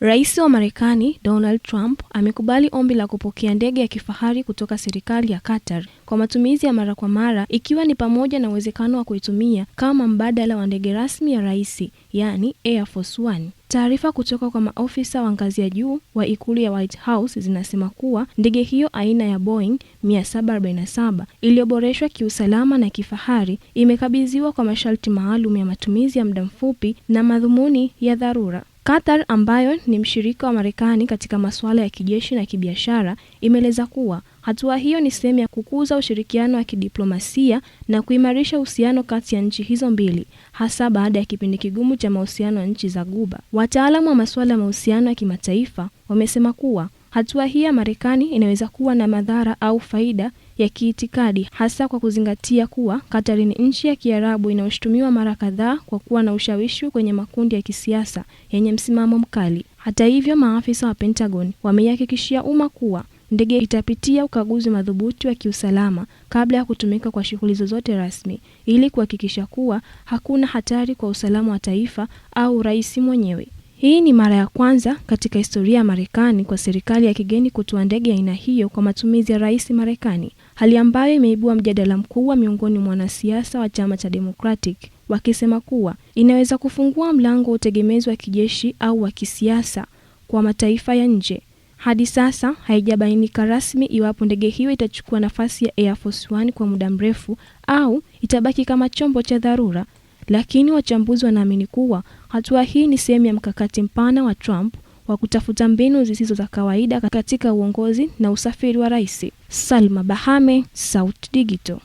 Rais wa Marekani Donald Trump amekubali ombi la kupokea ndege ya kifahari kutoka serikali ya Qatar kwa matumizi ya mara kwa mara ikiwa ni pamoja na uwezekano wa kuitumia kama mbadala wa ndege rasmi ya rais, yani Air Force One. Taarifa kutoka kwa maofisa wa ngazi ya juu wa ikulu ya White House zinasema kuwa ndege hiyo aina ya Boeing 747 iliyoboreshwa kiusalama na kifahari imekabidhiwa kwa masharti maalum ya matumizi ya muda mfupi na madhumuni ya dharura. Qatar ambayo ni mshirika wa Marekani katika masuala ya kijeshi na kibiashara imeeleza kuwa hatua hiyo ni sehemu ya kukuza ushirikiano wa kidiplomasia na kuimarisha uhusiano kati ya nchi hizo mbili, hasa baada ya kipindi kigumu cha mahusiano ya nchi za guba Wataalamu wa masuala ya mahusiano ya kimataifa wamesema kuwa Hatua hii ya Marekani inaweza kuwa na madhara au faida ya kiitikadi hasa kwa kuzingatia kuwa Katari ni nchi ya Kiarabu inayoshutumiwa mara kadhaa kwa kuwa na ushawishi kwenye makundi ya kisiasa yenye msimamo mkali. Hata hivyo, maafisa wa Pentagon wameihakikishia umma kuwa ndege itapitia ukaguzi madhubuti wa kiusalama kabla ya kutumika kwa shughuli zozote rasmi ili kuhakikisha kuwa hakuna hatari kwa usalama wa taifa au rais mwenyewe. Hii ni mara ya kwanza katika historia ya Marekani kwa serikali ya kigeni kutoa ndege aina hiyo kwa matumizi ya rais Marekani, hali ambayo imeibua mjadala mkubwa miongoni mwa wanasiasa wa chama cha Democratic wakisema kuwa inaweza kufungua mlango wa utegemezi wa kijeshi au wa kisiasa kwa mataifa ya nje. Hadi sasa haijabainika rasmi iwapo ndege hiyo itachukua nafasi ya Air Force One kwa muda mrefu au itabaki kama chombo cha dharura lakini wachambuzi wanaamini kuwa hatua hii ni sehemu ya mkakati mpana wa Trump wa kutafuta mbinu zisizo za kawaida katika uongozi na usafiri wa rais. Salma Bahame, south Digital.